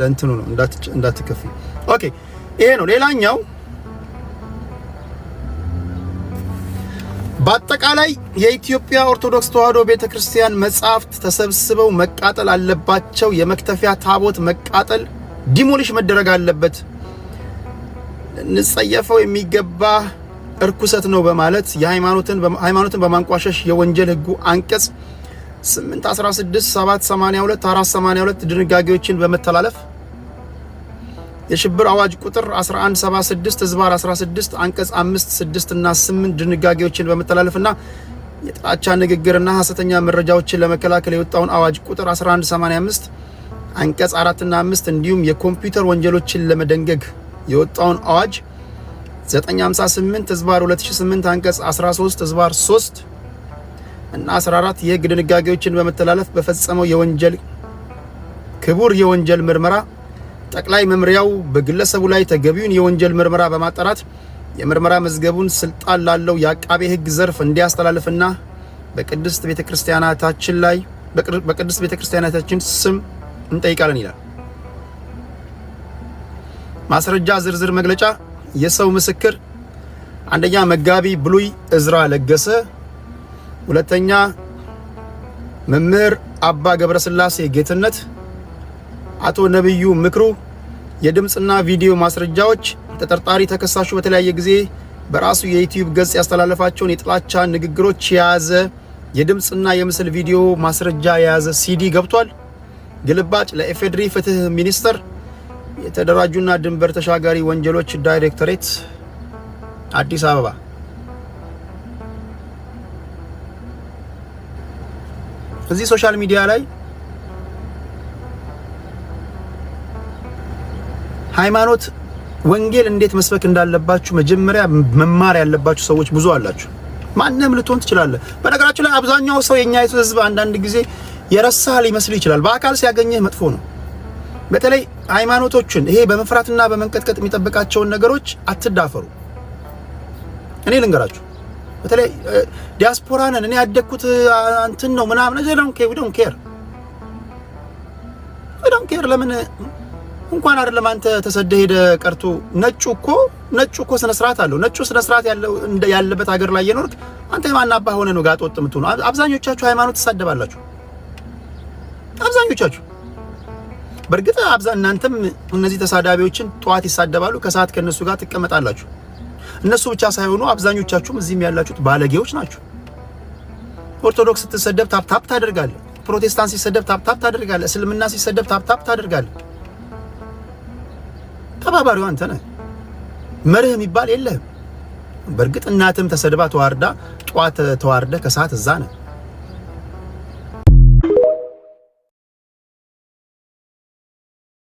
ለእንትኑ ነው እንዳትከፍ። ኦኬ ይሄ ነው። ሌላኛው በአጠቃላይ የኢትዮጵያ ኦርቶዶክስ ተዋሕዶ ቤተክርስቲያን መጻሕፍት ተሰብስበው መቃጠል አለባቸው። የመክተፊያ ታቦት መቃጠል ዲሞሊሽ መደረግ አለበት። ንጸየፈው የሚገባ እርኩሰት ነው በማለት ሃይማኖትን በማንቋሸሽ የወንጀል ህጉ አንቀጽ 8 16 7 ድንጋጌዎችን በመተላለፍ የሽብር አዋጅ ቁጥር 1176 ህዝባር 16 አንቀጽ 5፣ 6 እና 8 ድንጋጌዎችን በመተላለፍና የጥላቻ ንግግርና ሀሰተኛ መረጃዎችን ለመከላከል የወጣውን አዋጅ ቁጥር 1185 አንቀጽ 4 እና 5 እንዲሁም የኮምፒውተር ወንጀሎችን ለመደንገግ የወጣውን አዋጅ 958 ህዝባር 2008 አንቀጽ 13 ህዝባር 3 እና 14 የህግ ድንጋጌዎችን በመተላለፍ በፈጸመው የወንጀል ክቡር የወንጀል ምርመራ ጠቅላይ መምሪያው በግለሰቡ ላይ ተገቢውን የወንጀል ምርመራ በማጣራት የምርመራ መዝገቡን ስልጣን ላለው የአቃቤ ሕግ ዘርፍ እንዲያስተላልፍና በቅድስት ቤተክርስቲያናታችን ላይ በቅድስት ቤተክርስቲያናታችን ስም እንጠይቃለን ይላል። ማስረጃ ዝርዝር መግለጫ የሰው ምስክር አንደኛ መጋቢ ብሉይ እዝራ ለገሰ፣ ሁለተኛ መምህር አባ ገብረስላሴ ጌትነት አቶ ነብዩ ምክሩ የድምፅና ቪዲዮ ማስረጃዎች ተጠርጣሪ ተከሳሹ በተለያየ ጊዜ በራሱ የዩቲዩብ ገጽ ያስተላለፋቸውን የጥላቻ ንግግሮች የያዘ የድምፅና የምስል ቪዲዮ ማስረጃ የያዘ ሲዲ ገብቷል። ግልባጭ ለኢፌዴሪ ፍትህ ሚኒስቴር የተደራጁና ድንበር ተሻጋሪ ወንጀሎች ዳይሬክቶሬት አዲስ አበባ እዚህ ሶሻል ሚዲያ ላይ ሃይማኖት ወንጌል እንዴት መስበክ እንዳለባችሁ መጀመሪያ መማር ያለባችሁ ሰዎች ብዙ አላችሁ። ማንም ልትሆን ትችላለህ። በነገራችሁ ላይ አብዛኛው ሰው የኛ ህዝብ አንዳንድ ጊዜ የረሳህ ሊመስል ይችላል። በአካል ሲያገኘህ መጥፎ ነው። በተለይ ሃይማኖቶችን ይሄ በመፍራትና በመንቀጥቀጥ የሚጠብቃቸውን ነገሮች አትዳፈሩ። እኔ ልንገራችሁ፣ በተለይ ዲያስፖራንን እኔ ያደግኩት እንትን ነው ምናምን ዶን ኬር ዶን ኬር ለምን እንኳን አይደለም አንተ ተሰደህ ሄደ ቀርቶ ነጩ እኮ ነጩ እኮ ስነ ስርዓት አለው። ነጩ ስነ ስርዓት ያለበት ሀገር ላይ የኖርክ አንተ የማን አባ ሆነ ነው ጋጠወጥ የምትሆኑ? አብዛኞቻችሁ ሃይማኖት ትሳደባላችሁ። አብዛኞቻችሁ በእርግጥ አብዛ እናንተም እነዚህ ተሳዳቢዎችን ጠዋት ይሳደባሉ፣ ከሰዓት ከነሱ ጋር ትቀመጣላችሁ። እነሱ ብቻ ሳይሆኑ አብዛኞቻችሁም እዚህም ያላችሁት ባለጌዎች ናችሁ። ኦርቶዶክስ ስትሰደብ ታፕታፕ ታደርጋለህ። ፕሮቴስታንት ሲሰደብ ታፕታፕ ታደርጋለህ። እስልምና ሲሰደብ ታፕታፕ ታደርጋለህ። ተባባሪው አንተ ነህ። መርህ የሚባል የለህም። በእርግጥ እናትም ተሰድባ ተዋርዳ፣ ጠዋት ተዋርደ ከሰዓት እዛ ነህ።